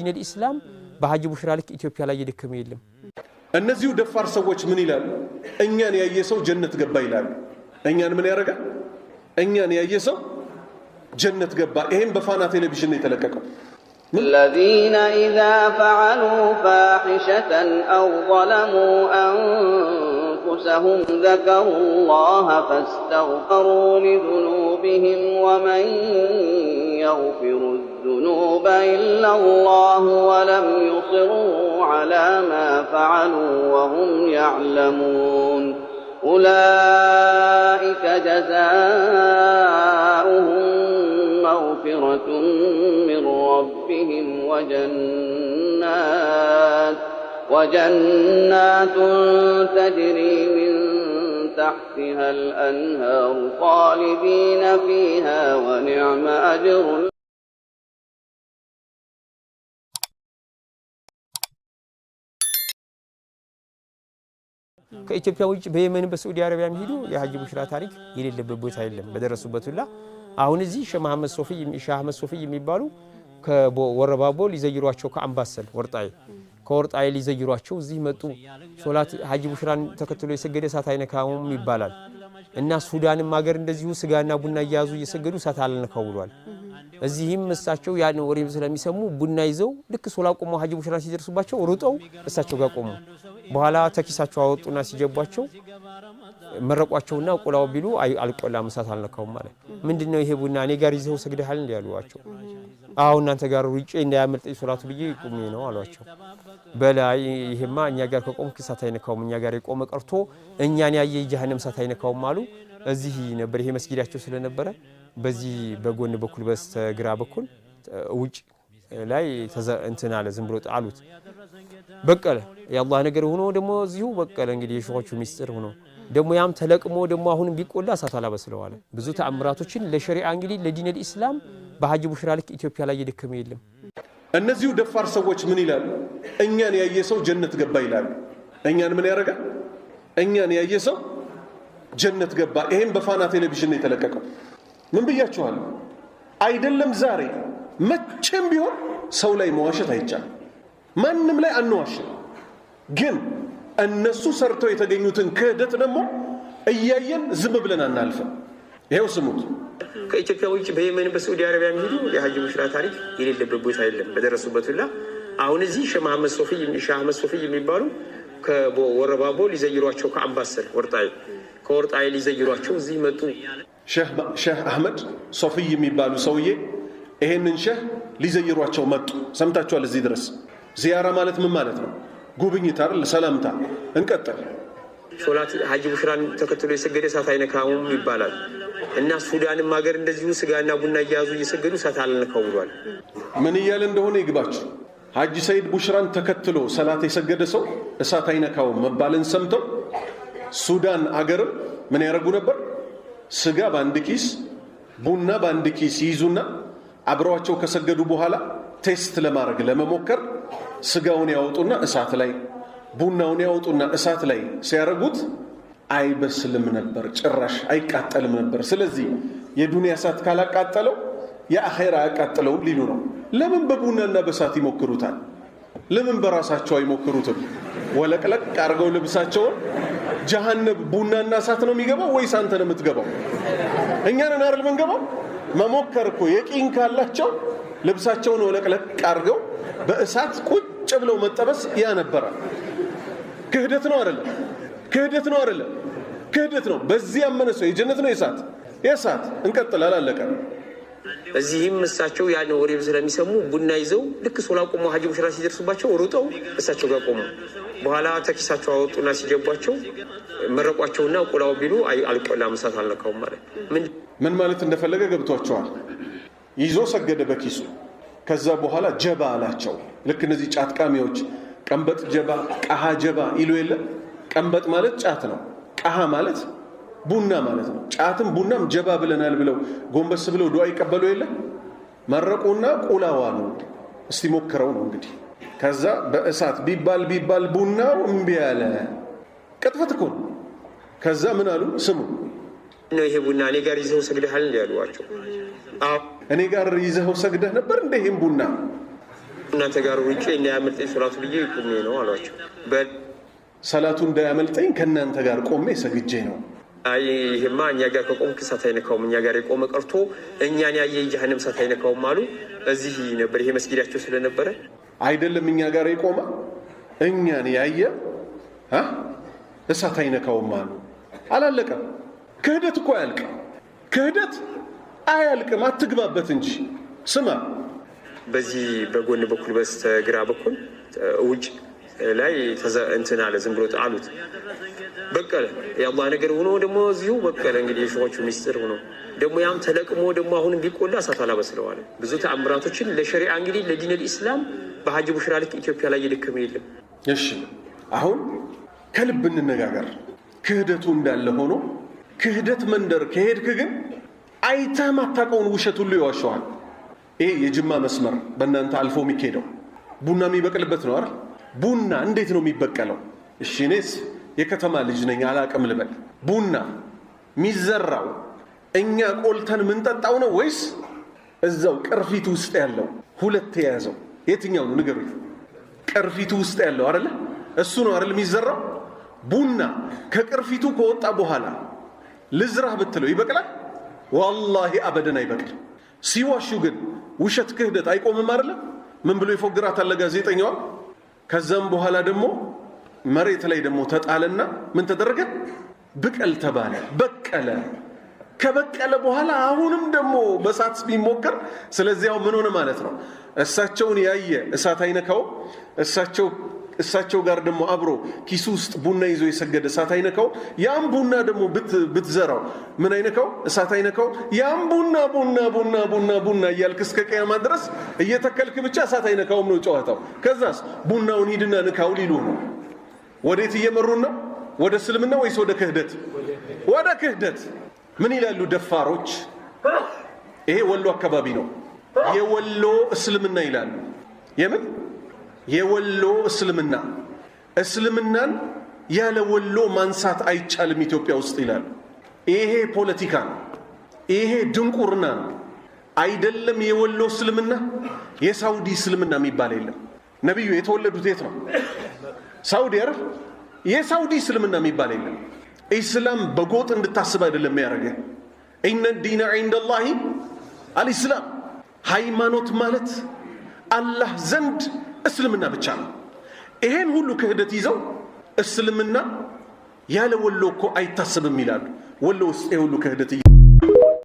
ዲነል ኢስላም በሀጂ ቡሽራ ልክ ኢትዮጵያ ላይ የደከመ የለም። እነዚሁ ደፋር ሰዎች ምን ይላሉ? እኛን ያየ ሰው ጀነት ገባ ይላሉ። እኛን ምን ያደርጋል? እኛን ያየ ሰው ጀነት ገባ። ይሄም በፋና ቴሌቪዥን ነው የተለቀቀው። الذين إذا فعلوا فاحشة أو ظلموا أن أنفسهم ذكروا الله فاستغفروا لذنوبهم ومن يغفر الذنوب إلا الله ولم يصروا على ما فعلوا وهم يعلمون أولئك جزاؤهم مغفرة من ربهم وجنات وجنات تجري من تحتها الأنهار خالدين فيها ونعم أجر ከኢትዮጵያ ውጭ በየመን በሳዑዲ አረቢያ የሚሄዱ የሀጅ ቡሽራ ታሪክ የሌለበት ቦታ የለም። በደረሱበት ሁላ አሁን እዚህ ሼህ መሐመድ ሶፊ የሚባሉ ከወረባቦ ሊዘይሯቸው ከአምባሰል ወርጣይ ከወርጣይ ሊዘይሯቸው እዚህ መጡ። ሶላት ሀጂ ቡሽራን ተከትሎ የሰገደ እሳት አይነካውም ይባላል እና ሱዳንም ሀገር እንደዚሁ ስጋና ቡና እያያዙ እየሰገዱ እሳት አልነካው ብሏል። እዚህም እሳቸው ያን ወሬ ስለሚሰሙ ቡና ይዘው ልክ ሶላ ቆመው ሀጂ ቡሽራን ሲደርሱባቸው ሩጠው እሳቸው ጋር ቆሙ። በኋላ ተኪሳቸው አወጡና ሲጀቧቸው መረቋቸውና ቁላው ቢሉ አልቆላም እሳት አልነካውም ማለት ምንድነው ይሄ ቡና እኔ ጋር ይዘው ሰግደሃል እንዲያሉዋቸው አሁን እናንተ ጋር ሩጬ እንዳያመልጠኝ ሶላቱ ብዬ ቁሜ ነው አሏቸው። በላይ ይሄማ እኛ ጋር ከቆም እሳት አይነካውም፣ እኛ ጋር የቆመ ቀርቶ እኛን ያየ የጀሃነም እሳት አይነካውም አሉ። እዚህ ነበር ይሄ መስጊዳቸው ስለነበረ በዚህ በጎን በኩል በስተግራ በኩል ውጭ ላይ እንትን አለ። ዝም ብሎ ጣሉት። በቀለ የአላህ ነገር ሆኖ ደግሞ እዚሁ በቀለ። እንግዲህ የሸኾቹ ሚስጥር ሆኖ ደግሞ ያም ተለቅሞ ደግሞ አሁን ቢቆላ እሳት አላበስለዋለ። ብዙ ተአምራቶችን ለሸሪዓ እንግዲህ ለዲን ልኢስላም በሀጂ ቡሽራ ልክ ኢትዮጵያ ላይ እየደከመ የለም። እነዚሁ ደፋር ሰዎች ምን ይላሉ? እኛን ያየ ሰው ጀነት ገባ ይላሉ። እኛን ምን ያደርጋል? እኛን ያየ ሰው ጀነት ገባ። ይሄም በፋና ቴሌቪዥን ነው የተለቀቀው። ምን ብያችኋለሁ? አይደለም ዛሬ መቼም ቢሆን ሰው ላይ መዋሸት አይቻልም። ማንም ላይ አንዋሽም። ግን እነሱ ሰርተው የተገኙትን ክህደት ደግሞ እያየን ዝም ብለን አናልፈም። ይሄው ስሙት። ከኢትዮጵያ ውጭ በየመን በሳዑዲ አረቢያ የሚሄዱ የሀጅ ሙሽራ ታሪክ የሌለበት ቦታ የለም። በደረሱበት ሁላ አሁን እዚህ ሼህ መሐመድ ሶፊ የሚባሉ ከወረባቦ ሊዘይሯቸው ከአምባሰል ወርጣይ ከወርጣይ ሊዘይሯቸው እዚህ መጡ። ሸህ አህመድ ሶፊ የሚባሉ ሰውዬ ይሄንን ሼህ ሊዘይሯቸው መጡ። ሰምታችኋል። እዚህ ድረስ ዚያራ ማለት ምን ማለት ነው? ጉብኝት አይደል? ሰላምታ። እንቀጥል። ሶላት ሀጂ ሙሽራን ተከትሎ የሰገደ እሳት አይነካሙም ይባላል። እና ሱዳንም ሀገር እንደዚሁ ስጋና ቡና እያያዙ እየሰገዱ ሰት አልነከውሏል። ምን እያለ እንደሆነ ይግባችሁ። ሀጂ ሰይድ ቡሽራን ተከትሎ ሰላት የሰገደ ሰው እሳት አይነካውም መባልን ሰምተው ሱዳን አገርም ምን ያደረጉ ነበር? ስጋ በአንድ ኪስ ቡና በአንድ ኪስ ይይዙና አብረዋቸው ከሰገዱ በኋላ ቴስት ለማድረግ ለመሞከር ስጋውን ያወጡና እሳት ላይ ቡናውን ያወጡና እሳት ላይ ሲያደርጉት አይበስልም ነበር፣ ጭራሽ አይቃጠልም ነበር። ስለዚህ የዱንያ እሳት ካላቃጠለው የአኼራ አያቃጥለውም ሊሉ ነው። ለምን በቡናና በእሳት ይሞክሩታል? ለምን በራሳቸው አይሞክሩትም? ወለቅለቅ አድርገው ልብሳቸውን ጀሃነብ ቡናና እሳት ነው የሚገባው ወይስ አንተ ነው የምትገባው? እኛንን አይደል ምንገባው? መሞከር እኮ የቂን ካላቸው ልብሳቸውን ወለቅለቅ አድርገው በእሳት ቁጭ ብለው መጠበስ ያ ነበረ። ክህደት ነው አይደለም? ክህደት ነው አይደለም? ክህደት ነው። በዚህ ያመነ ሰው የጀነት ነው የእሳት የእሳት እንቀጥል አላለቀ። እዚህም እሳቸው ያን ወሬም ስለሚሰሙ ቡና ይዘው ልክ ሶላ ቆሞ ሀጂ ሙሽራ ሲደርሱባቸው ሩጠው እሳቸው ጋር ቆሙ። በኋላ ተኪሳቸው አወጡና ሲጀቧቸው መረቋቸውና ቁላው ቢሉ አልቆላም እሳት አልነካውም ማለት ምን ማለት እንደፈለገ ገብቷቸዋል። ይዞ ሰገደ በኪሱ። ከዛ በኋላ ጀባ አላቸው። ልክ እነዚህ ጫት ቃሚዎች ቀንበጥ ጀባ፣ ቀሃ ጀባ ይሉ የለ ቀንበጥ ማለት ጫት ነው። ቀሃ ማለት ቡና ማለት ነው። ጫትም ቡናም ጀባ ብለናል ብለው ጎንበስ ብለው ዱዓ ይቀበሉ የለ መረቁና ቁላዋ ነው። እስቲ ሞክረው ነው እንግዲህ። ከዛ በእሳት ቢባል ቢባል ቡናው እምቢ ያለ ቅጥፈት እኮ ነው። ከዛ ምን አሉ? ስሙ ነው ይሄ ቡና እኔ ጋር ይዘው ሰግደሃል ያሏቸው። እኔ ጋር ይዘኸው ሰግደህ ነበር እንደ ይህም ቡና እናንተ ጋር ውጭ እና ሱራቱ ብዬ ቁሜ ነው አሏቸው። ሰላቱ እንዳያመልጠኝ ከእናንተ ጋር ቆሜ ሰግጄ ነው። አይ ይህማ እኛ ጋር ከቆምክ እሳት አይነካውም፣ እኛ ጋር የቆመ ቀርቶ እኛን ያየ የጀሃንም እሳት አይነካውም አሉ። እዚህ ነበር ይሄ መስጊዳቸው ስለነበረ አይደለም እኛ ጋር የቆመ እኛን ያየ እሳት አይነካውም አሉ። አላለቀም። ክህደት እኮ አያልቅ ክህደት አያልቅም፣ አትግባበት እንጂ ስማ። በዚህ በጎን በኩል በስተግራ በኩል ውጭ ላይ እንትን አለ። ዝም ብሎ ጣሉት በቀለ። የአላህ ነገር ሆኖ ደግሞ እዚሁ በቀለ። እንግዲህ የሸዎቹ ሚስጥር ሆኖ ደግሞ ያም ተለቅሞ ደግሞ አሁን ቢቆላ እሳት አላበስለዋለ። ብዙ ተአምራቶችን ለሸሪዓ እንግዲህ ለዲን ኢስላም በሀጅ ቡሽራ ልክ ኢትዮጵያ ላይ የደከመ የለም። እሺ አሁን ከልብ እንነጋገር። ክህደቱ እንዳለ ሆኖ ክህደት መንደር ከሄድክ ግን አይተህ ማታውቀውን ውሸት ሁሉ ይዋሸዋል። ይሄ የጅማ መስመር በእናንተ አልፎ የሚካሄደው ቡና የሚበቅልበት ነው አይደል? ቡና እንዴት ነው የሚበቀለው? እሺ እኔስ የከተማ ልጅ ነኝ አላቅም ልበል። ቡና የሚዘራው እኛ ቆልተን የምንጠጣው ነው ወይስ እዛው ቅርፊቱ ውስጥ ያለው? ሁለት የያዘው የትኛው ነው ንገሩ። ቅርፊቱ ውስጥ ያለው አይደለ? እሱ ነው አይደል የሚዘራው። ቡና ከቅርፊቱ ከወጣ በኋላ ልዝራህ ብትለው ይበቅላል? ዋላሂ አበደን አይበቅል። ሲዋሹ ግን ውሸት፣ ክህደት አይቆምም አይደለ? ምን ብሎ ይፎግራታል ለጋዜጠኛዋ ከዛም በኋላ ደግሞ መሬት ላይ ደግሞ ተጣለና ምን ተደረገ? ብቀል ተባለ። በቀለ። ከበቀለ በኋላ አሁንም ደግሞ በእሳት ቢሞከር፣ ስለዚያው ምን ሆነ ማለት ነው። እሳቸውን ያየ እሳት አይነካው፣ እሳቸው እሳቸው ጋር ደግሞ አብሮ ኪሱ ውስጥ ቡና ይዞ የሰገደ እሳት አይነካው። ያም ቡና ደግሞ ብትዘራው ምን አይነካው? እሳት አይነካው። ያም ቡና ቡና ቡና ቡና ቡና እያልክ እስከ ቀያማ ድረስ እየተከልክ ብቻ እሳት አይነካውም ነው ጨዋታው። ከዛስ ቡናውን ሂድና ንካው ሊሉ ነው። ወዴት እየመሩን ነው? ወደ እስልምና ወይስ ወደ ክህደት? ወደ ክህደት። ምን ይላሉ ደፋሮች? ይሄ ወሎ አካባቢ ነው። የወሎ እስልምና ይላሉ። የምን የወሎ እስልምና እስልምናን ያለ ወሎ ማንሳት አይቻልም ኢትዮጵያ ውስጥ ይላሉ። ይሄ ፖለቲካ ነው። ይሄ ድንቁርና ነው። አይደለም የወሎ እስልምና የሳውዲ እስልምና የሚባል የለም። ነቢዩ የተወለዱት የት ነው? ሳውዲ አረብ። የሳውዲ እስልምና የሚባል የለም። ኢስላም በጎጥ እንድታስብ አይደለም ያደረገ ኢነ ዲነ ዒንደላሂ አልኢስላም ሃይማኖት ማለት አላህ ዘንድ እስልምና ብቻ ነው። ይሄን ሁሉ ክህደት ይዘው እስልምና ያለ ወሎ እኮ አይታሰብም ይላሉ። ወሎ ውስጥ ይሄ ሁሉ ክህደት